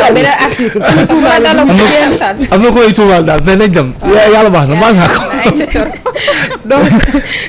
am na koy tuumaal daal mais nañ dem yàlla baax na maa ko donc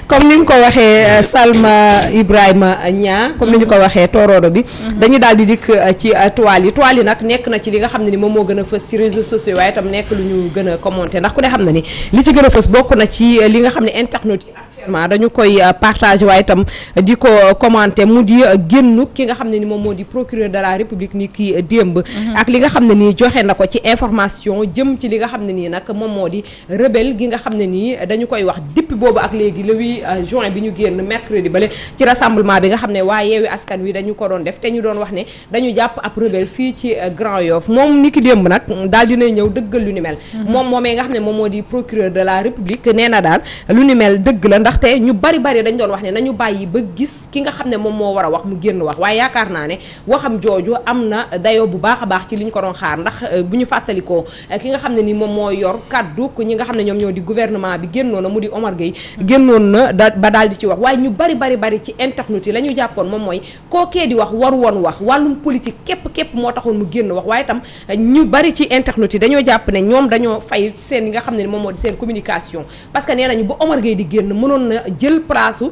comme ni nga ko waxee euh, Salma Ibrahima Niang comme ni ñu ko waxee tooroodo bi mhm. dañu daal di dikk euh, ci euh, toile yi toile yi nag nekk na ci li nga xam ne ni moom moo gën a fës ci réseaux sociaux waaye itam nekk lu ñu gën a commenté ndax ku ne xam na ni li ci gën a fës bokk na ci li nga xam ne internet yi actuellement dañu koy euh, partage waaye tam di ko commenter mu di euh, génn ki nga xam ne ni moom moo di procureur de la république ni ki euh, mhm. li nga xam ne nii joxe na ko ci information jëm ci li nga xam ne nii nag moom moo di rebelle gi nga xam ne nii dañu koy wax depuis boobu ak léegi le 8 juin bi ñu génn mercredi bale ci rassemblement bi nga xam ne waa askan wi dañu ko doon def te ñu doon wax ne dañu jàpp ab fii ci Grand Yoff moom ni ki démb nag daal dinay ñëw dëggal lu ni mel mhm. moom moomee nga xam ne moom moo di procureur de la république nee na daal lu ni mel dëgg la ndax te ñu bari bari dañ doon wax ne nañu bàyyi ba gis ki nga xam ne moom moo war a wax mu génn wax waaye yaakaar naa ne waxam jooju am na dayoo bu baax a baax ci li ñu ko doon xaar ndax euh, bu ñu fàttalikoo euh, ki nga xam ne ni moom moo yor kàddu ñi nga xam ne ñoom ñoo di gouvernement bi génnoon na mu di Omar Gueye génnoon na ba daal di ci wax waaye ñu bari bari bari ci internet yi la ñu jàppoon moom mooy kookee di wax war woon wax wàllum politique képp képp moo taxoon mu génn wax waaye tam euh, ñu bari ci internet yi jàpp ne ñoom dañoo fay seen nga xam ne moom moo di seen communication parce que nee nañu bu Omar Gueye di génn mënoon waroon na jël euh, place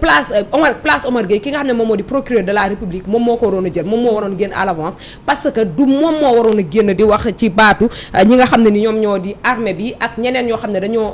place euh, place Omar Gueye ki nga xam ne moom moo di procureur de la République moom moo ko waroon a jël moom moom moo di wax euh, xam ne ni ñoom ñoo di armée ne dañoo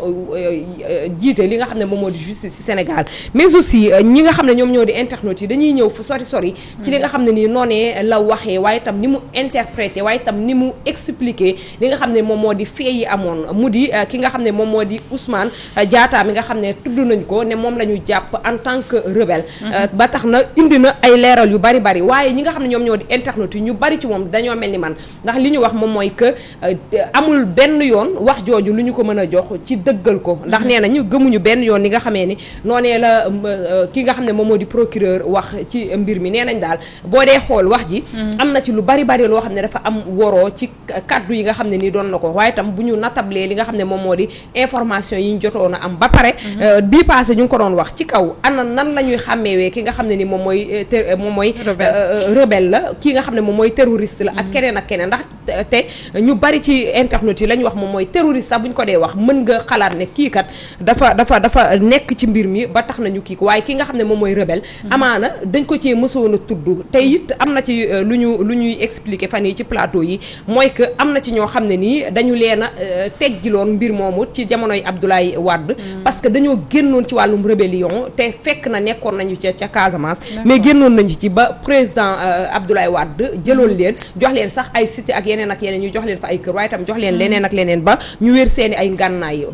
li nga xam ne moom moo di justice ci Sénégal mais aussi ñi nga xam ne ñoom ñoo di internautes yi dañuy ñëw fu sori sori ci li nga xam ne nii noonee la waxee waaye itam ni mu interprété waaye itam ni mu expliqué li nga xam ne moom moo di fee yi amoon mu di ki nga xam ne moom moo di Ousmane Diatta mi nga xam ne tudd nañ ko ne moom la ñu jàpp en tant que rebelle euh, ba tax na indi na ay leeral yu bari bari waaye ñi nga xam ne ñoom ñoo di internet yi ñu bari ci moom dañoo mel ni man ndax li ñu wax moom mooy que euh, amul benn yoon wax jooju lu ñu ko mën a jox ci dëggal ko ndax nee na gëmuñu benn yoon li nga xamee ni noonee la euh, ki nga xam ne moom moo di procureur wax ci mbir mi nee nañ daal boo dee xool wax ji mm. am na ci lu bari bari loo xam ne dafa am woroo ci kaddu yi nga xam ne ni doon na ko waaye tam bu ñu natablee li nga xam ne moom moo di information yi ñu am ba pare mm-hmm. passé ñu ngi ko doon wax ci kaw ana nan la ñuy xàmmeewee ki nga xam ne ni moom mooy euh, euh, moom mooy euh, rebelle la ki nga xam ne moom mooy terroriste la ak mm-hmm. keneen ak keneen ndax te ñu bari ci internet yi la ñu wax moom mooy terroriste sax bu ñu ko dee wax mën nga xalaat ne kii kat dafa dafa dafa nekk ci mbir mi ba tax nañu kii ko waaye ki nga xam ne moom mooy rebelle mm-hmm. amaana dañ ko cee mësoon a tudd tey it am na ci euh, lu ñu lu ñuy expliquer fan nii ci plateau yi mooy que am na ci ñoo xam ne nii dañu leen a euh, teggiloon mbir moomu ci jamonoy Abdoulaye Wade mm-hmm. parce que dañoo génnoon ci wàllum rébellion te fekk na nekkoon nañu ca ca Casamance mais génnoon nañu ci ba président euh, Abdoulaye Wade jëloon leen jox leen sax ay cité ak yeneen ak yeneen leen fa ay kër waaye tam jox leen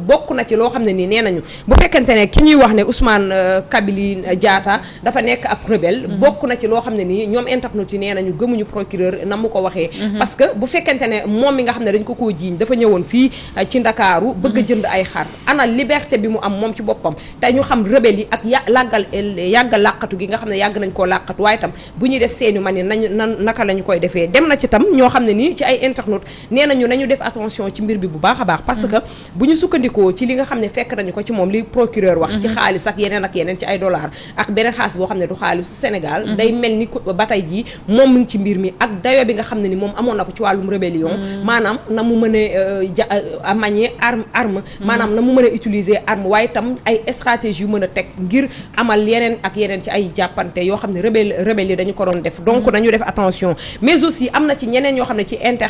bokk na ci loo xam ne nii nee nañu bu fekkente ne ki ñuy wax ne Ousmane euh, Kabili euh, Diatta dafa nekk ab rebelle mhm. bokk na ci loo xam ne nii ñoom internautes yi nee nañu gëmuñu procureur na mu ko waxee mhm. parce que bu fekkente ne moom mi nga xam ne dañ ko koo jiiñ dafa ñëwoon fii euh, ci Ndakaaru bëgg mhm. jënd ay xar ana liberté bi mu am moom ci boppam te ñu xam rebelle yi ak ya làggal yàgg làqatu gi nga xam ne yàgg nañ koo làqatu waaye tam bu ñuy def seeni mani nañ nan naka lañu koy defee dem na ci tam ñoo xam ne nii ci ay internautes nee nañu nañu def attention ci mbir bi bu baax a baax parce que bu ñu sukkandikoo ci li nga xam ne fekk nañu ko ci moom li procureur wax ci xaalis ak yeneen ci ay dollars ak beneen xaalis boo xam ne du xaalisu Sénégal mhm. day mel ni ba tey jii moom mu ngi ci mbir mi ak dayo bi nga xam ne ni moom amoon na ko ci wàllum rébellion mhm. maanaam na mu mën a euh, euh, manier arme arme mhm. maanaam na mu mën a utiliser arme waaye tam ay stratégie yu mën a teg ngir amal yeneen ak yeneen ci ay jàppante yoo xam ne rebelle rebelle yi dañu ko doon def donc nañu def attention mais aussi am na ci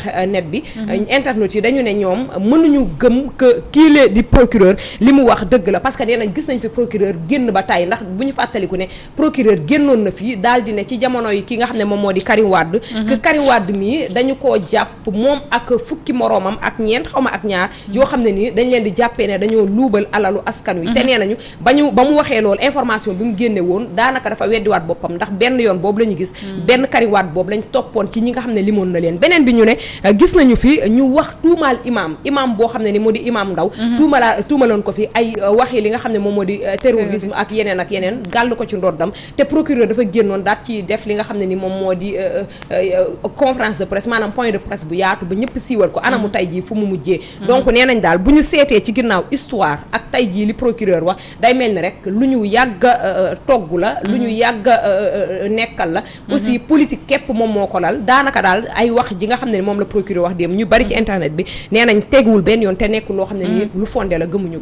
internet euh, bi mhm. euh, internautes yi dañu ne ñoom mënuñu gëm que kii lee di procureur li mu wax dëgg la parce que nee gis nañ fi procureur génn ba tàyyi ndax bu ñu fàttaliku ne procureur génnoon na fii daal di ne ci jamono yi ki nga xam ne moom moo di Karim Wade mhm. que Karim mii dañu koo jàpp moom ak fukki moroomam ak ñeent xaw ma ak ñaar mhm. yoo xam ne nii dañu leen di jàppee ne dañoo luubal alalu askan wi te nee nañu ba ñu ba mu waxee loolu information bi mu génne woon daanaka dafa weddiwaat boppam ndax benn yoon boobu la ñu gis benn Karim Wade lañ toppoon ci ñi nga xam ne limoon na leen beneen bi ñu ne gis nañu fi ñu wax tuumaal imam imam boo xam ne ni moo di imam ndaw mhm. tuumalaa tuumaloon ko fi ay euh, waxi li nga xam ne moom moo di euh, terrorisme ak yeneen ak yeneen gàll ko ci ndoddam te procureur dafa génnoon daat ci def li nga xam ne ni moom moo di euh, conférence de presse maanaam point de presse bu yaatu ba ñëpp siiwal ko anamu mhm. tay jii fu mu mujjee mhm. donc nee nañ daal bu ñu seetee ci ginnaaw histoire ak tay jii li procureur wax day mel ni rek lu ñu yàgg a togg la lu ñu yàgg a nekkal la aussi politique képp moom la procureur wax démb ñu bari ci internet bi nee teguwul benn yoon te nekkul loo xam ne hmm. nii lu fondé la gëmuñu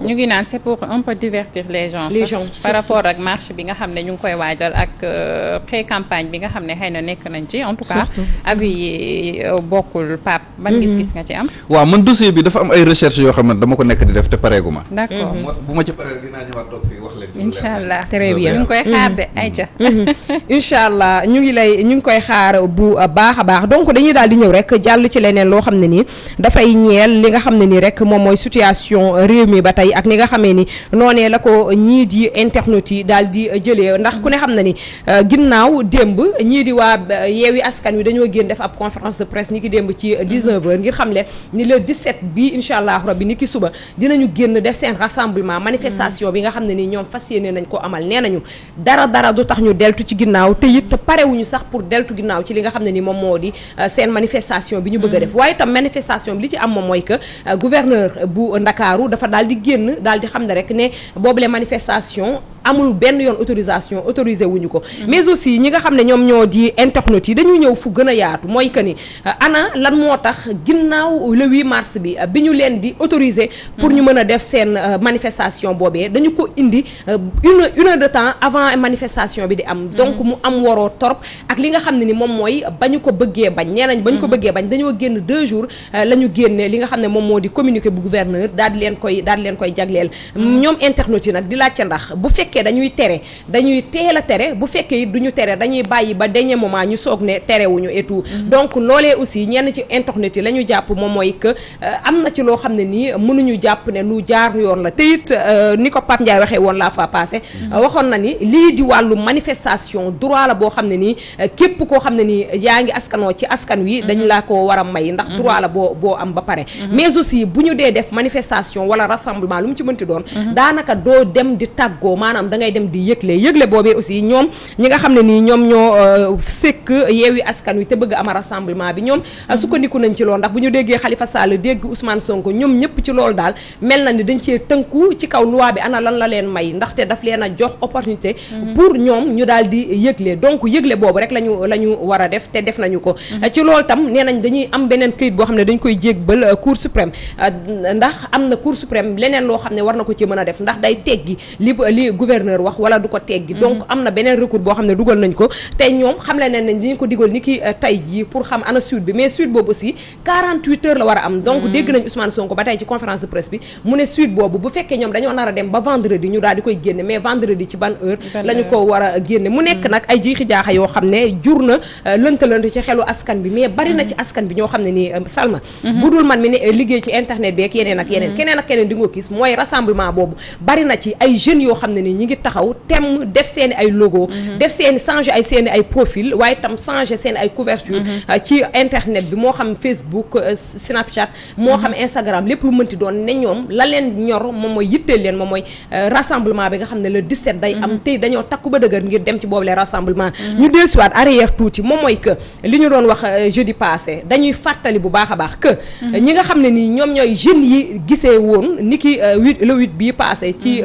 bi nga xam ne ñu ngi koy euh, na nekk nañ ci en tout cas. avis yi euh, bokkul Pape. ban hmm. nga ci am. waaw man dossier bi dafa am ay recherche yoo xam ne dama ko nekk di def te pareegu ma. d'accord hmm. ma ci paree dinaa ñëwaat toog fii wax leen. incha allah très bien ñu ngi koy xaar de ayca. incha allah ñu ngi lay ñu ngi koy xaar bu baax a baax donc dañuy daal di ñëw rek jàll ci leneen loo xam ne nii dafay ñeel li nga xam ne nii rek moom mooy situation réew mi ba tey ak ni nga xamee ni noonee la ko ñii di internet yi daal di jëlee ndax ku ne xam ne ni euh, ginnaaw démb ñii di waa euh, yeewi askan wi dañoo génn def ab conférence de presse ni ki démb ci 19h ngir xam le ni le 17 bi incha allah bi ni ki suba dina ñu génn def seen rassemblement manifestation bi nga xam ne nii ñoom fas yéene nañ ko amal nee nañu dara dara du tax ñu deltu ci ginnaaw te it parewuñu sax pour deltu ginnaaw ci li nga xam ne ni moom moo di euh, seen manifestation bi ñu bëgg a def waaye itam manifestation bi li ci am moom mooy que euh, gouverneur bu Ndakaaru dafa daal di génn daal di xam ne rek ne boobule manifestation amul benn yoon autorisation autorisé wuñu ko mm-hmm. mais aussi ñi nga xam ne ñoom ñoo di internautes yi dañu ñëw fu gën a yaatu mooy que ni euh, ana lan moo tax ginnaaw le 8 mars bi euh, bi ñu leen di autorisé pour mm-hmm. ñu mën a def seen euh, manifestation boobee dañu ko indi une une heure de temps avant manifestation bi di am mm-hmm. donc mu am waroo torop ak li nga xam ne ni moom mooy ba ñu ko bëggee bañ nee nañ ba ñu ko bëggee bañ dañoo génn deux jours la ñu génne li nga xam ne moom moo di communiqué bu gouverneur daal di leen koy daal di leen koy jagleel ñoom internautes nag di laajte ndax fekkee dañuy tere dañuy teel a tere bu fekkee it du ñu tere dañuy bàyyi ba dernier moment ñu soog ne terewuñu et tout mm-hmm. donc loolee aussi ñenn ci internet yi la ñu jàpp moom mooy que euh, am na ci loo xam ne nii mënuñu jàpp ne lu jaar yoon la te it euh, ni ko Pape waxee woon laa fa mm-hmm. euh, waxoon na ni lii di wàllu manifestation droit la boo xam ne nii képp koo xam ne nii yaa ngi askanoo ci askan wi dañ mm-hmm. laa ko war a may ndax droit boo boo am ba pare mais aussi bu ñu dee def manifestation wala rassemblement lu mu ci mënti doon daanaka doo dem di tàggoo maanaam maanaam da ngay dem di yëgle yëgle boobee aussi ñoom ñi nga xam ne nii ñoom ñoo euh, sekk yeewi askan wi te bëgg am rassemblement bi ñoom euh, sukkandiku nañ ci lool ndax bu ñu déggee Khalifa Sall dégg Ousmane Sonko ñoom ñëpp ci loolu daal mel na ni dañ cee tënku ci kaw loi bi ana lan la leen may ndaxte daf leen a jox opportunité mhm. pour ñoom ñu daal di yëgle donc yëgle boobu rek lañu la ñu war a def te def nañu ko mhm. ci loolu tam nee nañ dañuy am beneen kayit boo xam ne dañ koy jégbal euh, cour suprême ndax am na cour suprême leneen loo xam ne war na ko ci mën a def ndax gouverneur wax wala du ko teggi mhm. donc am na beneen recours boo xam dugal nañ ko tey ñoom xam ne nañ diñu ko digal ni ki euh, tey jii pour xam ana suite bi mais suite boobu a mhm. bu fekkee ñoom dañoo nar dem ba vendredi ñu daal di koy génne mais vendredi ci ban heure la ko war génne mu nekk mhm. nag ay jiixi jaaxa yoo xam ne jur na euh, lëntalënt ci xelu askan bi mais bari ci askan bi ñoo xam ne nii euh, Salma bu dul man mi ne liggéey ci internet bi ak yeneen ak yeneen keneen ñi ngi taxaw tem def seen ay logo mhm. def seen changer ay seen ay profil waaye tam changer seen ay couverture mhm. euh, ci internet bi moo xam Facebook euh, Snapchat moo mhm. xam Instagram lépp lu mënti doon ne ñoom la leen ñor moom mooy yitteel leen moom mooy euh, rassemblement bi nga xam ne le 17 day am tey dañoo takku ba dëgër ngir dem ci boobu le rassemblement ñu dellusiwaat arrière tuuti moom mooy que li ñu doon wax jeudi passé dañuy fàttali bu baax a baax que ñi nga xam ne nii ñoom ñooy jeunes yi gisee woon ni ki huit le huit bii passé ci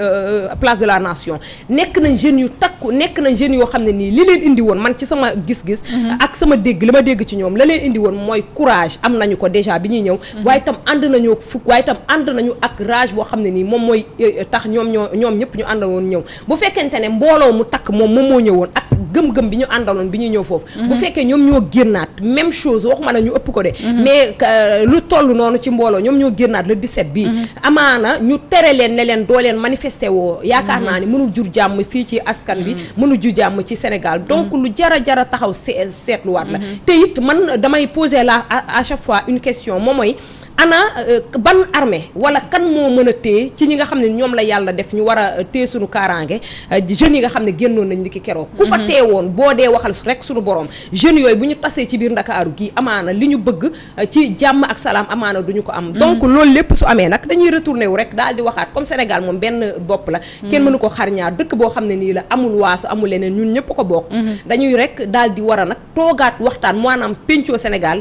place de la nation formation nekk na jeunes yu takku nekk na jeunes yoo xam ne nii li leen indi woon man ci sama gis-gis mhm. ak sama dégg li ma dégg ci ñoom la leen indi woon mooy courage am nañu ko déjà bi ñuy ñëw mhm. waaye itam ànd nañu fukk waaye itam ànd nañu ak rage boo xam ne nii moom mooy eh, eh, tax ñoom ñoo ñoom ñëpp ñu ànd woon ñëw bu fekkente ne mbooloo mu takk moom moom moo ñëwoon ak gëm-gëm bi ñu àndaloon bi ñuy ñëw foofu mhm. bu fekkee ñoom ñoo génnaat même chose waxuma na ñu ëpp ko de mais euh, lu toll noonu ci mbooloo ñoom ñoo génnaat le 17 bii amaana ñu tere leen ne leen doo leen manifesté woo yaakaar naa ni mënul jur jàmm fii ci askan bi mm. mënul jur jàmm ci Sénégal mm. donc lu jara jara taxaw seetluwaat la mm-hmm. te it man damay poser la à chaque fois une question moom mooy ana euh, ban armée wala kan moo mën a téye ci ñi nga xam ne ñoom la yàlla def ñu war a euh, téye suñu kaaraange euh, jeunes yi nga xam ne génnoon nañ ni ki keroog ku fa mhm. woon boo dee waxal rek suñu borom jeunes yooyu bu ñu tasee ci biir ndakaaru gii amaana li ñu bëgg ci jàmm ak salaam amaana duñu ko am mhm. donc loolu lépp su amee nag dañuy retourné wu rek daal di waxaat comme Sénégal moom benn bopp la mhm. kenn mënu ko xar ñaar dëkk boo xam ne nii la amul waasu amul leneen ñun ñëpp ko bokk dañuy rek daal di war a nag toogaat waxtaan maanaam pencoo Sénégal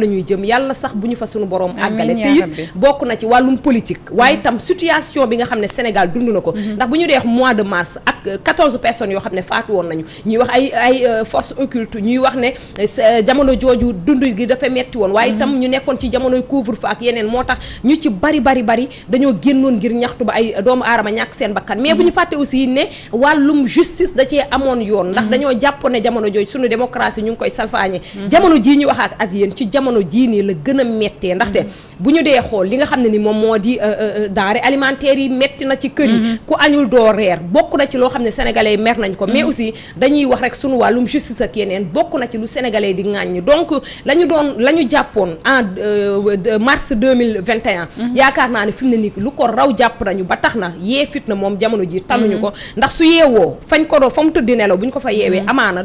la ñuy jëm yàlla sax bu ñu fa suñu borom àggale te it bokk na ci wàllum politique mm-hmm. waaye itam situation bi nga xam ne Sénégal dund na ko mm-hmm. ndax bu ñu deex mois de mars ak 14 euh, personnes yoo xam ne faatu woon nañu ñuy wax ay ay euh, force occulte ñuy wax ne euh, jamono jooju dund gi dafa metti woon waaye itam mm-hmm. ñu nekkoon ci jamonoy couvre ak yeneen moo tax ñu ci bari bari bari dañoo génnoon ngir ñaxtu ba ay doomu aadama ñàkk seen bakkan mais bu ñu fàtte aussi ne wàllum justice da cee amoon yoon ndax dañoo jàppoo ne jamono jooju suñu démocratie ñu ngi koy salfaañe jamono jii nii la gën a méttee ndaxte mm-hmm. bu ñu dee xool li nga xam ne ni moom moo di euh, euh, denrée alimentaire yi métti na ci kër mm-hmm. ku añul doo reer bokk na ci loo xam ne sénégalais yi nañ ko mais mm-hmm. aussi dañuy wax rek sunu wàllum justice ak yeneen bokk na ci lu sénégalais di ŋàññ donc la ñu doon la ñu jàppoon en euh, mars 2021 yaakaar naa ne fi ne nii lu ko raw jàpp nañu ba tax na yee fit na moom jamono ji taluñu ko ndax su yeewoo fañ ko doo fa mu tëddi nelaw bu ñu ko fa yeewee amaana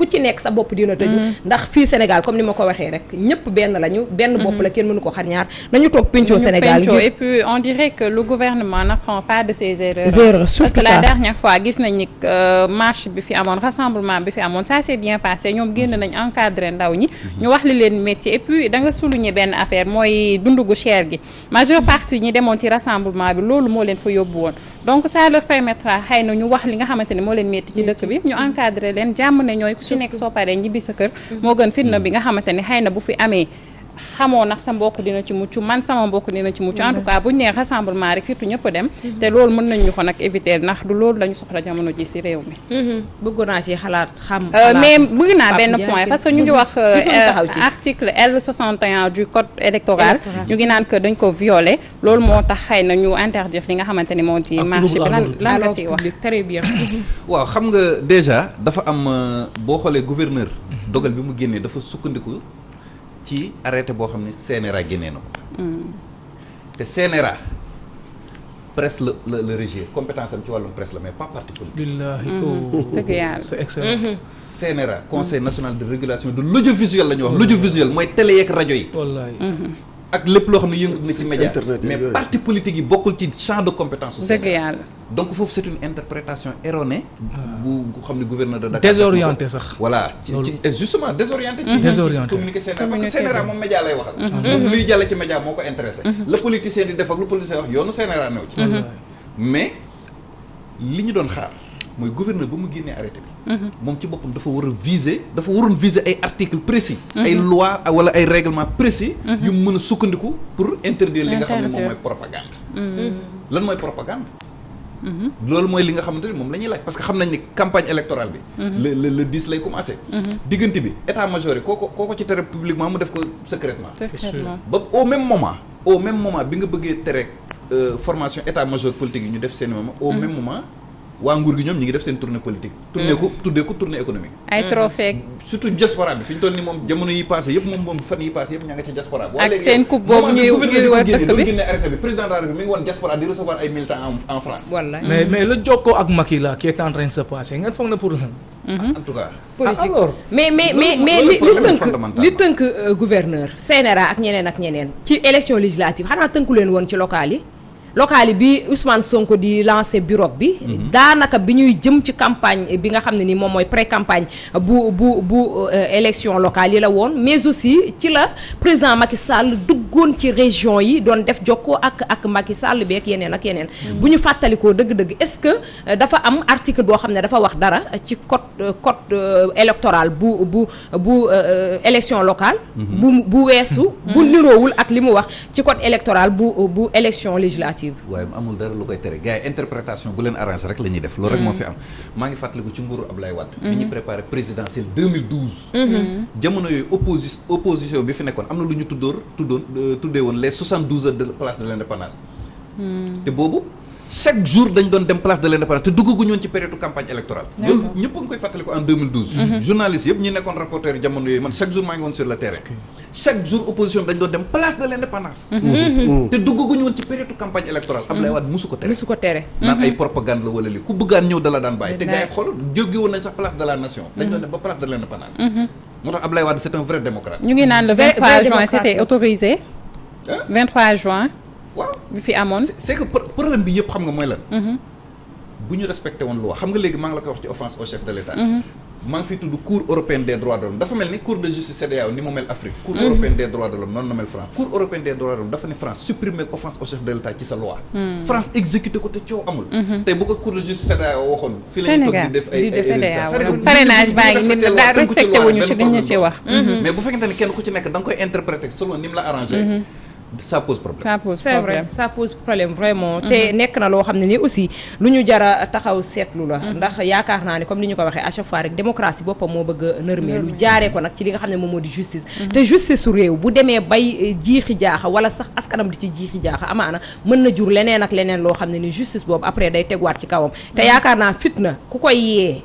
ku ci nekk sa bopp dina tëju mm. ndax fii Sénégal comme ni ma ko waxee rek ñëpp benn lañu benn bopp mm-hmm. la kenn mënu ko xar ñaar nañu toog pencoo Sénégal gi et puis on dirait que le gouvernement n'apprend pas de ses erreurs erreurs fois gis nañ ni euh, marche bi fi amoon rassemblement bi fi amoon ça s'est bien passé ñoom génn nañ encadré ndaw ñi mm-hmm. ñu wax li leen métier et puis da nga souligner benn affaire mooy dundu gu cher gi majeure partie ñi demoon ci rassemblement bi loolu moo leen fa yóbbu woon donc ça leur permettra xëy na ñu wax li nga xamante ne moo leen metti ci dëkk bi mm-hmm. ñu encadré leen jàmm ne ñooy su nekk soo paree ñibbi sa kër mm-hmm. moo gën fitna bi nga xamante ne xëy na bu fi amee xamoo nax sa mbokk dina ci mucc man sama mbokk dina ci mucc en tout mm-hmm. cas buñ nee rassemblement rek surtout ñëpp dem mm-hmm. te loolu mën nañ ñu ko nag éviter nax du loolu la ñu soxla jamono ji si réew mi mm-hmm. bëgg naa ci xalaat xam euh, mais bëgg naa benn point parce que ñu ngi wax euh, euh, article L61 du code électoral ñu ngi naan dañ ko violer loolu moo tax xëy na ñu interdire li nga xamante ni moo ci ah, marché bi lan lan nga siy wax très bien waaw xam nga déjà dafa am boo xoolee gouverneur dogal bi mu génnee dafa sukkandiku ci arrêté boo xam ne CNRA génnee na ko. te CNRA presse la la la régie compétence am ci wàllum presse la mais pas parti politique. Mm-hmm. Oh, oh, oh, dëgg yàlla c'est excellent. Mm-hmm. CNRA conseil mm-hmm. national de régulation de l'audiovisuel la ñu wax. l'audiovisuel mooy télé yeeg rajo yi. ak lépp loo xam ne yëngatu na ci média mais parti politique yi bokkul ci champ de compétence su donc foofu c'est une interprétation erronée bu ah. xam ne gouverneur de Dakar désorienté sax voilà ci ci justement désorienté ci communiqué Sénégal parce que Sénégal moom média lay waxal ah. donc luy jàll ci média moo ko intéressé mhm. la politicien di def ak lu politicien wax yoonu Sénégal new ci mhm. mais li ñu doon xaar mooy gouverneur ba mu génnee arrêté bi. Mhm. moom ci boppam dafa war a viser dafa waroon viser ay articles précis. Mhm. ay lois ah, wala ay règlements précis. Mhm. yu mën a sukkandiku pour interdire li nga xam ne moom mooy propagande. lan mooy propagande. loolu mooy li nga xamante ni moom la laaj parce que xam nañ ni campagne électorale bi. le le le dix lay commencé. diggante bi état major yi koo ko koo ko ci tere publiquement mu def ko secrètement. ba au même moment. Euh, i moment. waa nguur gi ñoom ñi ngi def seen tournée politique. tournée ko mm. tuddee ko ay trophée mm. surtout diaspora bi fi ñu toll nii moom jamono yi passé yëpp moom moom fan yi passé yëpp ña ca diaspora bi. ak seen coupe boobu de la République mi woon diaspora di ay militants en France. wallaay mais mais la jokkoo ak Macky la qui est en train de foog na pour lan. Mm-hmm. Ah, mais mais mais li li tënk euh, gouverneur CNRA ak ñeneen ak ñeneen ci élection législative xanaa tënku leen ci local yi locale bi Ousmane Sonko di lancé bureau bi. Mhm. daanaka bi ñuy jëm ci campagne bi nga xam ne ni moom mooy pré campagne bu bu bu euh, élection locale yi la woon mais aussi ci la président Macky Sall duggoon ci région yi doon def jokkoo ak ak Macky Sall beeg yeneen ak yeneen. Mhm. bu ñu fàttalikoo dëgg-dëgg est-ce que euh, dafa am article boo xam ne dafa wax dara ci code euh, code électoral bu bu bu élection locale. Mhm. bu bu weesu. bu niroowul ak li mu wax ci code électoral bu bu élection législative. alternative waaye mu amul dara lu koy tere gars yi interprétation bu leen arrangé rek la def loolu rek moo fi am mm-hmm. maa ngi fàttaliku ci nguuru Ablaye Wade mm-hmm. bi ñu préparé présidentielle mm-hmm. jamono yooyu opposi opposition bi fi nekkoon am na lu ñu tuddoor tuddoon euh, tuddee woon les 72 heures de place de l'indépendance mm. te boobu chaque jour dañ doon dem place de l'indépendance te duggaguñu woon ci période campagne électorale. loolu ñëpp a koy fàttaliku en 2012. Mhm. journaliste yëpp nekkoon rapporteur jamono yooyu man chaque jour maa ngi woon sur le terrain. chaque jour opposition dañ doon dem place de l'indépendance. Mhm. Mhm. te duggaguñu woon ci période campagne électorale. Abdoulaye Wade musu ko tere musu ko tere. naan ay propagande la wala li ku bëggaan ñëw dala daan bàyyi. te gars yi xool jóge waaw bi fi amoon c'est que problème bi yëpp xam nga mm-hmm. woon loi xam nga léegi maa ngi la koy wax ci offense au chef de l'État. Mm-hmm. maa ngi fi tudd cour européenne des droits de l'homme dafa ni mm-hmm. France. cour européenne au chef de l'État ci sa loi. France exécuté ko te coow amul. tey bu ko cour de justice CEDEAO waxoon. fii baa ngi nit daal respecté wuñu ci dañu bu fekkente ne kenn ku ci nekk da koy interpréter selon ni mu la arrangé. ça pose problème. ça pose problème vraiment. te nekk na loo xam ne ni aussi lu ñu jara taxaw seetlu la. Mm-hmm. ndax yaakaar naa ne comme ni ñu ko waxee à chaque fois rek démocratie boppam moo bëgg a nërmee lu jaaree ko nag ci li nga xam ne moom moo di justice. Mm-hmm. te justice su réew bu demee bay eh, jiixi jaaxa wala sax askanam di ci jiixi jaaxa amaana mën na jur leneen ak leneen loo xam ne ni justice boobu après day teg waat ci kawam. te mm-hmm. yaakaar naa fitna ku koy yee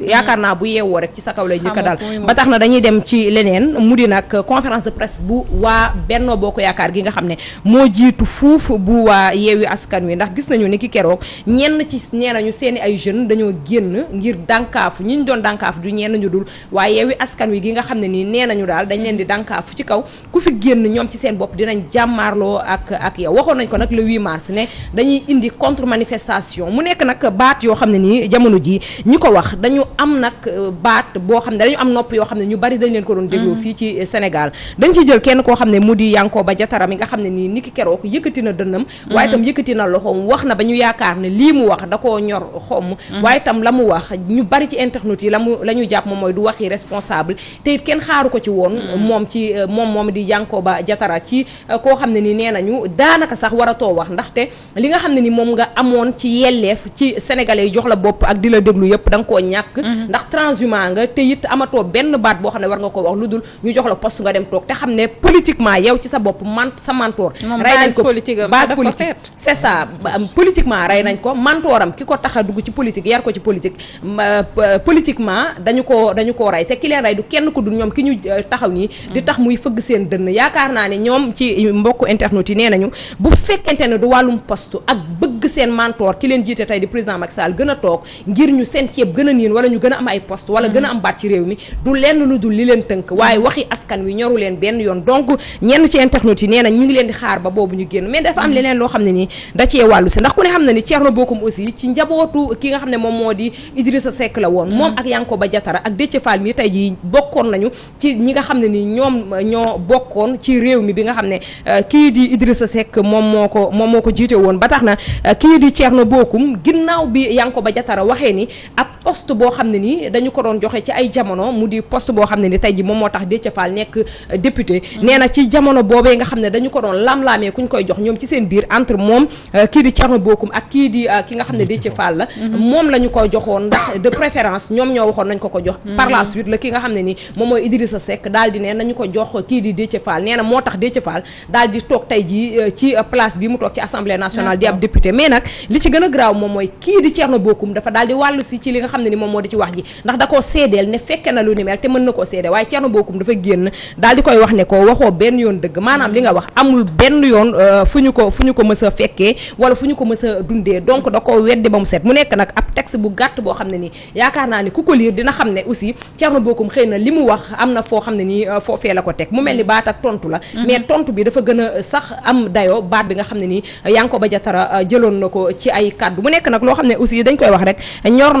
yaakaar naa bu yeewoo rek ci sa kaw lay njëkk a dal ba tax na dañuy dem ci leneen mu di nag conférence de presse bu waa Benno Bokk Yaakaar gi nga xam ne moo jiitu fuuf bu waa Yewwi Askan Wi ndax gis nañu ni ki keroog ñenn ci nee nañu seen i ay jeunes dañoo génn ngir dànkaafu ñi ñu doon dànkaafu du ñenn ñu dul waaye Yewwi Askan Wi gi nga xam ne nii nee nañu daal dañ leen di dànkaafu ci kaw ku fi génn ñoom ci seen bopp dinañ jàmmaarloo ak ak yow waxoon nañ ko nag le 8 mars ne dañuy indi contre manifestation mu nekk nag baat yoo xam ne nii jamono ji ñi ko wax dañu am nag euh, baat boo xam ne dañu am nopp yoo xam ne ñu bari dañ leen ko doon dégloo mm. fii ci euh, Sénégal dañ ciy jël kenn koo xam ne mu di Yankoba Diatara mi nga xam ne nii niki keroog yëkkati na dënnam mm. waaye itam yëkkati na wax na ba ñu yaakaar ne lii mu wax da koo ñor xomm mm. waaye itam la mu wax ñu bari ci internet yi la mu la ñu jàpp moom mooy du waxi responsable te kenn xaaru ko ci woon moom ci euh, moom moom di Yankoba Diatara ci koo xam ne nii nee nañu daanaka sax waratoo wax ndaxte li nga xam ne nii moom nga amoon ci yelleef ci sénégalais yi jox la bopp ak di la déglu yëpp danga koo ñàkk ñàkk mhm. ndax transhumant nga te it amatoo benn baat boo xam ne war nga ko wax lu dul ñu jox la poste nga dem toog te xam ne politiquement yow ci sa bopp man sa mentor ki ko tax a dugg ci politique yar ko ci euh, euh, ko ko rey te ki leen rey du kenn ku dul ñoom ki ñu euh, taxaw nii di mhm. tax muy fëgg seen naa ne ñoom ci mbokku internet yi nee nañu bu fekkente ne du wàllum poste ak bëgg seen ki leen jiite tey di président Macky Sall gën a toog ngir ñu seen ceeb gën a niin wala ñu gën a am ay poste wala gën a am baat ci réew mi du lenn lu dul li leen tënk waaye waxi askan wi ñoru leen benn yoon donc ñenn ci internet yi nee na ñu ngi leen di xaar ba boobu ñu génn mais dafa am leneen loo xam ne nii da cee wàllu si ndax ku ne xam ne ni Thierno Bocoum aussi ci njabootu ki nga moom moo di Idrissa Seck la woon moom ak Yankoba Diatara ak Déthié Fall mi tey jii bokkoon nañu ci ñi nga xam ne nii ñoom ñoo bokkoon ci réew mi bi nga xam ne euh, kii di Idrissa Seck moom moo ko moom moo ko jiite woon ba tax na euh, kii di Thierno Bocoum ginnaaw bi Yankoba Diatara waxee ni ab poste xam ne ko doon joxe ci ay jamono mu moom moo ko joxoon ndax de préférence ñoom ñoo waxoon nañ ko ko jox par la mm-hmm. suite la ki nga xam ne ni moom mooy Idrissa Seck daal di ne nañu ko jox kii di Déthié Fall nee moo tax Déthié Fall daal di toog tey ji euh, ci euh, place bi mu toog ci assemblée nationale di ab député mais nag li ci gën a graaw moom mooy kii di Thierno Bocoum dafa daal di wàllu si ci li nga xam ne ni moom moo di ci wax ji ndax da koo seedeel ne fekke na lu ni mel te mën na koo seede waaye Thierno Bocoum dafa génn daal di koy wax ne ko waxoo benn yoon dëgg maanaam li nga wax amul benn yoon euh, fu ñu ko fu ñu ko mës a fekkee wala fu ñu ko mës a dundee donc da ko weddi ba mu set mu nekk nag ab texte bu gàtt boo xam ne nii yaakaar naa ne ku ko liir dina xam ne aussi Thierno Bocoum xëy na li mu wax am na foo xam ne nii euh, foofee la ko teg mu mel ni baat ak tontu la mhm. mais tontu bi dafa gën a sax am dayo baat bi nga xam ne nii Yankhoba Diattara euh, jëloon na ko ci ay kàddu mu nekk nag loo xam ne aussi dañ koy wax rek ñor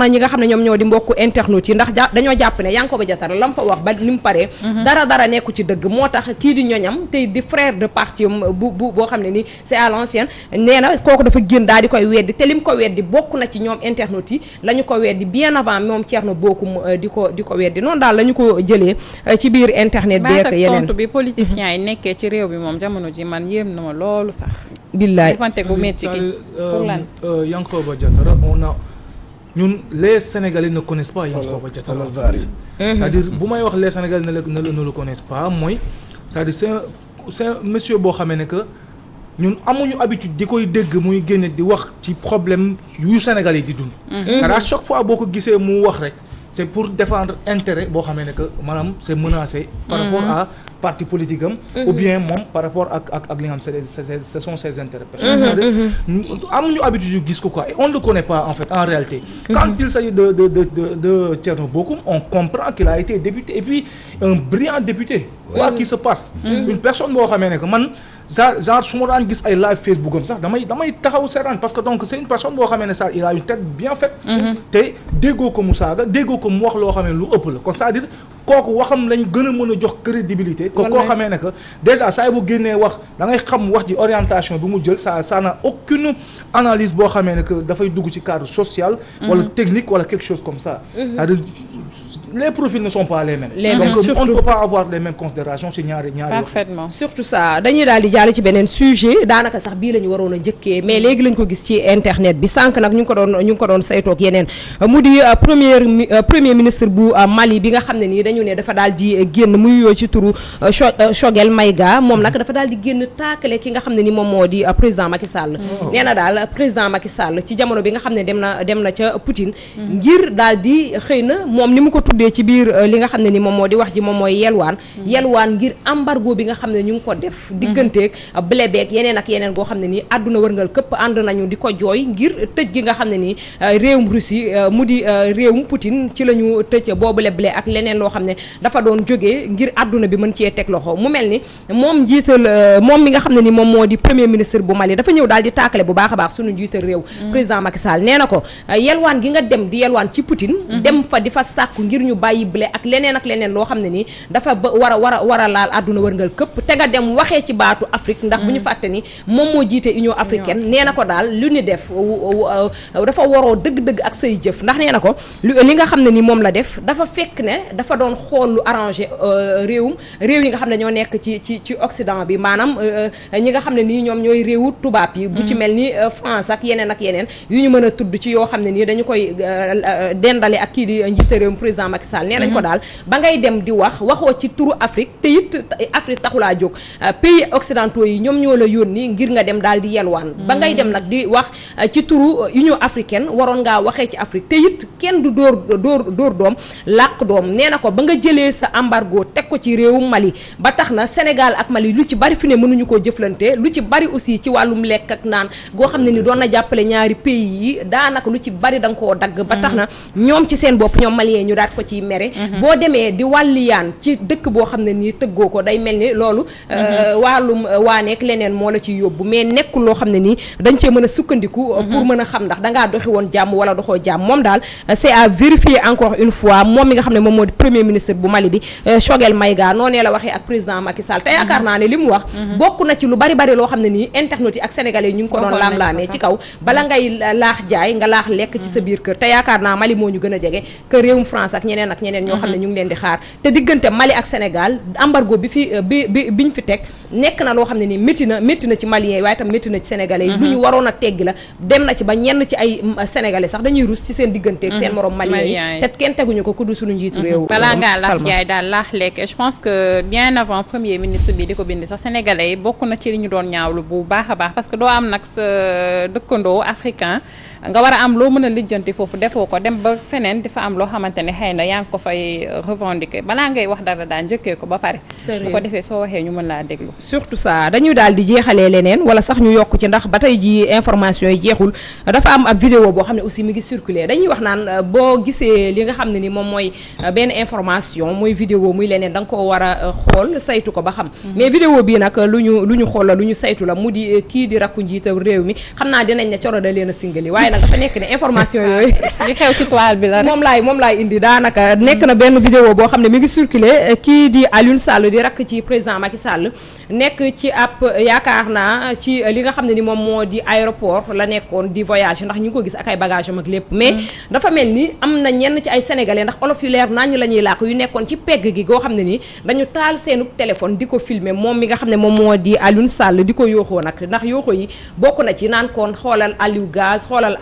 bokk internautes yi ndax dañoo jàpp ne Yankoba Diattara la mu fa wax ba ni mu paree mhm. dara dara nekku ci dëgg moo tax kii di ñoñam tey di frère de parti bu bu boo xam ne ni c'est à l'ancienne nee na kooku dafa génn daal di koy weddi te lim ko weddi bokk na ci ñoom internautes yi la ñu ko weddi bien avant moom Thierno Bocoum euh, di ko di ko weddi noonu daal la ñu ko jëlee euh, ci biir internet bi ak yeneen tontu bi politiciens yi mhm. nekkee ci réew bi moom jamono ji man yéem na ma loolu sax billaay defante gu métti gi lan euh, Yankoba Diattara on a ñun les sénégalais na connaissent pas Yankhoba Diattara mhm. c'est-à-dire bu may wax les sénégalais ne le ne le connaissent pas mooy cest dire c'est c'est boo xamee ne que ñun amuñu habitude di koy dégg muy génne di wax ci problème yu yi di dund. Mhm. car à chaque fois boo ko gisee mu wax rek c'est pour défendre intérêt boo xamee ne que maanaam c'est menacé. par rapport mhm. à parti politique am mhm. ou bien moom par rapport ak ak ak li nga xam ce sont ses intérêts personnels mhm, mhm. amuñu habitude yu gis ko quoi on ne le connaît pas en fait en réalité quand il s'agit de de de on comprend qu'il a été député et un brillant député quoi qu'il se passe une personne boo xamee ne que man genre genre su ma daan gis ay live Facebook am sax damay damay taxaw seetaan parce que donc c'est une personne boo xamee ne ça il a une tête bien faite te déggoo ko mu saaga déggoo ko kooku waxam lañ gën a mën a jox crédibilité que koo xamee ne que déjà saa bu génnee wax dangay xam wax ji orientation bi mu jël saa ça n'a aucune analyse boo xamee ne que dafay dugg ci cadre social mm-hmm. wala technique wala quelque chose comme ça mm-hmm. cest à les profils ne sont pas les mêmes. les surtout ça dañuy daal di jàll ci beneen sujet daanaka sax bii la waroon a njëkkee mais léegi lañ ko gis ci internet bi sànq nag ñu ngi ko doon ñu ngi ko doon saytoog yeneen mu di euh, premier euh, premier ministre bu euh, Mali bi nga xam ne nii dañu ne dafa daal di génn muy yoo ci turu Choguel Maïga moom nag dafa daal di génn taakale ki nga xam ne ni moom moo di président Macky Sall. Oh. nee na daal président Macky Sall ci jamono bi nga xam ne dem na dem na ca Poutine. Mm. ngir daal di xëy mu ko tuddee ci biir euh, li nga xam ne ni moom moo di wax ji moom mooy yelwaan mm-hmm. yelwaan ngir embargo bi nga xam ne ñu ngi ko def mm-hmm. digganteeg blé beeg yeneen ak yeneen goo xam ne nii àdduna wërngal këpp ànd nañu di ko jooy ngir tëj gi nga xam ne nii euh, réewum Russie euh, mu di réewum Poutine ci la ñu tëj boobule blé ak leneen loo xam ne dafa doon jógee ngir àdduna bi mën cee teg loxo mu mel ni moom jiital moom mi nga xam ne ni moom moo di premier ministre bu Mali dafa ñëw daal di taakale bu baax a baax suñu jiital réew mm. président Macky Sall nee na ko yelwaan gi nga dem di yelwaan ci Poutine mm-hmm. dem fa di fa sàkku ngir ñu bàyyi blé ak leneen leneen loo xam ne nii dafa ba war a war a war a laal àdduna wërngal këpp te nga dem waxee ci baatu Afrique ndax bu ñu mm. fàtte ni moom moo jiite Union africaine nee na ko daal lu ni def dafa waroo dëgg-dëgg ak say jëf ndax nee na ko li nga xam ne nii moom la def dafa fekk ne dafa doon xool lu arrangé euh, réewum réew yi nga xam ne ñoo nekk ci ci ci Occident bi maanaam euh, ñi nga xam ne nii ñoom ñooy réewu tubaab yi bu ci mm. mel ni euh, France ak yeneen ak yeneen mën a tudd ci yoo xam ne mbirum président Macky Sall nee nañ ko mhm. daal ba ngay dem di wax waxoo ci turu Afrique te it Afrique taxulaa jóg euh, pays occidentaux yi ñoom ñoo la yónni ngir nga dem daal di yelwaan ba ngay mhm. dem nag di wax euh, ci turu euh, Union africaine waroon ngaa waxee ci Afrique te it kenn du dóor dóor dóor doom làq doom nee na ko ba nga jëlee sa embargo teg ko ci réewum Mali ba tax na Sénégal ak Mali lu ci bari fi ne mënuñu koo jëflante lu ci bari aussi ci wàllum lekk ak naan goo xam ne ni doon na jàppale ñaari pays yi daanaka lu ci ba tax amee ñu daat ko ciy mere mhm. boo demee di wàlliyaan ci dëkk boo xam ne nii tëggoo ko day mel ni loolu mhm. euh, wàllum euh, waaneek leneen moo la ci yóbbu mais nekk loo xam ne nii dañ cee mën a sukkandiku euh, mhm. pour mën a xam ndax dangaa doxi woon jàmm wala doxoo jàmm moom daal c'est à vérifier encore une moom mi nga xam ne moom moo di premier ministre bu Mali bi Choguel Maïga noonee la waxee ak président Macky wax bokk na ci lu bari bari loo xam ne nii internet yi ak sénégalais yi ñu ngi ko doon laam-laamee ci kaw bala ngay laax jaay nga laax lekk ci sa biir kër te yaakaar naa Mali moo ñu gën a jege que réewum France ak ñeneen ak ñeneen ñoo xam ne mhm. ñu ngi leen di xaar te diggante Mali ak Sénégal embargo bi fi euh, bi bi biñ fi teg nekk na loo xam ne nii métti na métti na ci Maliens yi waaye tam métti na ci Sénégalais yi mhm. a teggi la dem na mm, dañuy rus ci seen diggante seen mhm. morom Maliens yi te kenn teguñu ko ku du suñu njiitu réew balaa ngaa laax lekk je pense que bien avant premier ministre bi di ko bind sax sénégalais yi bokk na ci li ñu doon ñaawlu bu baax a baax parce nga war a am loo mën a lijjanti foofu defoo ko dem ba feneen di fa am loo xamante ne xëy na yaa ngi ko fay euh, revendiquer balaa ngay wax dara daa njëkkee ko ba pare bu ko defee soo waxee ñu mën laa déglu surtout ça dañuy daal di jeexalee leneen wala sax ñu yokk ci ndax ba tey ji information yi jeexul dafa am ab vidéo boo xam ne aussi mi ngi circuler dañuy wax naan euh, boo gisee li nga xam ne ni moom mooy euh, benn information mooy vidéo muy leneen da nga ko war a xool saytu ko ba xam mm-hmm. mais vidéo bii nag lu ñu lu ñu xool lu ñu saytu la mu di kii di rakku njiital réew mi xam naa dinañ ne coro da leen a singali waaye nag dafa nekk ne information yooyu. li xew ci toile bi la rek moom laay moom laay indi daanaka nekk na benn vidéo boo xam ne mu ngi circulé eh, kii di Aliou Sall di rakk ci président Macky Sall nekk ci ab eh, yaakaar naa ci eh, li nga xam ne ni moom moo di aéroport la nekkoon di voyage ndax ñu ngi ko gis ak ay bagage am ak lépp mais mm. dafa mel ni am na ñenn ci ay sénégalais ndax olof yu ñi nañu la ñuy làkk yu nekkoon ci pegg gi goo xam ne ni dañu taal seenu téléphone di ko filmer moom mi nga xam ne moom moo di Aliou Sall di ko yooxoo nag ndax yooxoo yi bokk na ci naan koon xoolal Aliou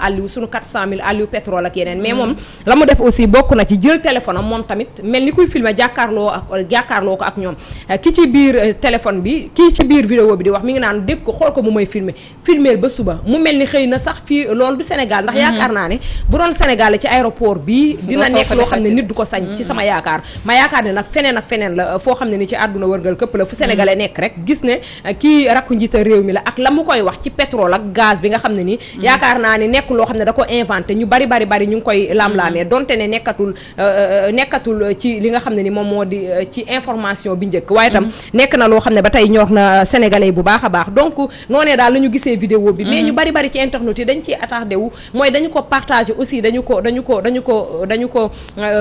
Aliou sunu 400000 Aliou pétrole ak yeneen mais mm-hmm. moom la mu def aussi bokk na ci jël téléphone am moom tamit mel ni kuy filmer jàkkaarloo ak jàkkaarloo ko ak ñoom euh, ki ci biir euh, téléphone bi kii ci biir vidéo bi di wax mi ngi naan dégg ko xool ko mu may filmer filmer ba suba mu mel ni xëy na sax fii loolu du Sénégal ndax mm-hmm. yaakaar naa ne bu doon Sénégal la ci aéroport bii dina nekk loo xam ne nit du ko sañ ci mm-hmm. sama yaakaar ma yaakaar ne nag feneen ak feneen la foo xam ne ni ci àdduna wërgal këpp la fu sénégalais nekk rek gis ne euh, kii rakku njiital réew mi la ak la mu koy wax ci pétrole ak gaz bi nga xam ne ni yaakaar nekk loo xam ne da ko inventé ñu bari bari ñu ngi koy laam-laamee mm-hmm. donte ne nekkatul euh, euh, nekkatul euh, ci li nga xam ne ni moom moo di ci information bi njëkk waaye tam mm-hmm. nekk na loo xam ne ba tey ñor na sénégalais bu baax a baax donc noonee daal ñu gisee vidéo bi ñu mm-hmm. bari bari ci internet yi dañ ciy attardé mooy dañu ko partagé aussi ko dañu ko dañu ko dañu ko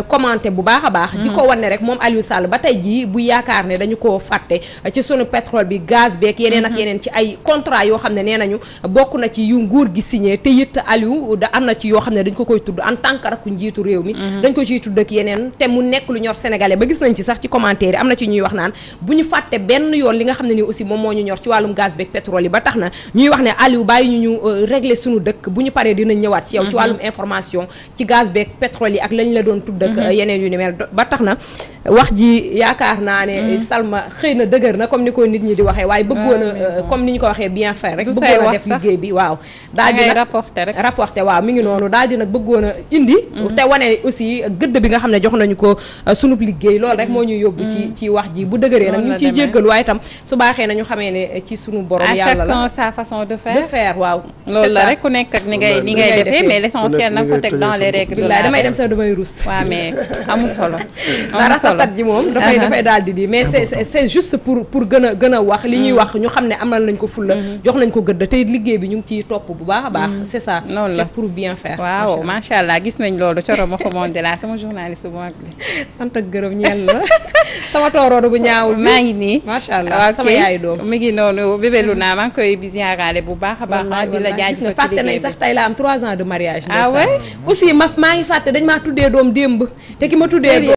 commenté bu baax a baax di ko wane rek moom Aliou Sall ba tey jii bu yaakaar ne dañu koo fàtte ci sunu pétrole bi gaz beeg yeneen ak yeneen ci ay contrat yoo xam ne nee nañu bokk na ci yu nguur gi signé te it Aliou da am na ci yoo xam ne dañ ko koy tudd en tant que rakku njiitu réew mi mhm. dañ ko ciy tudd ak yeneen te mu nekk lu ñor sénégalais ba gis nañ ci sax ci commentaire yi am na ci ñuy wax naan bu ñu fàtte benn yoon li nga xam ne ni aussi moom moo ñu ñor ci wàllum gaz beeg pétrole yi ba tax na ñuy ñu ñu euh, régler bu ñu paree dinañ ñëwaat ci yow ci mhm. wàllum information ci gaz beeg pétrole yi ak lañ la doon tudd ak mhm. yeneen yu ni mel ba tax na wax ji yaakaar naa ne Salma xëy na dëgër na comme ni ko nit ñi di waxee waaye bëggoon a ah, euh, comme ni ñu ko waxee bien faire rek bëggoon def rapporté waaw mi ngi noonu daal dina nag bëggoon a indi. Mhm. te wane aussi gëdd bi nga xam ne jox nañu ko euh, sunub liggéey loolu rek moo ñuy mhm. yóbbu. ci ci wax ji bu dëgëree nag ñu ciy jéggal waaye itam su baaxee na ñu xamee ne euh, ci sunu borom. yàlla la à chacun sa nekk ak ni ngay ni ngay defee mais l'essentiel na ko teg dans les règles de l'art damay dem sax damay rus. mais amul solo. moom uh-huh. daal di di mais c'est c'est pour pour gën gën wax li ñuy mm. wax ñu xam ne amal nañ ko fulla mm-hmm. jox nañ ko gëdd tey liggéey bi ñu ngi ciy topp bu baax a baax mm-hmm. c'est ça noonu la c'est pour bien faire. waaw macha allah gis nañ loolu Coro ma xamoon de la sama journaliste bu mag bi. sant ak gërëm la sama tooroor bu ñaawul. maa ngi nii macha allah sama yaay doom mi ngi noonu bébé Luna maa ngi koy ziaraale bu baax a baax. di la jaajëfal ci fàtte nañ sax tey la am 3 ans de mariage. ah ouais aussi ma maa ngi fàtte dañ maa tuddee doom démb te ki ma tuddee.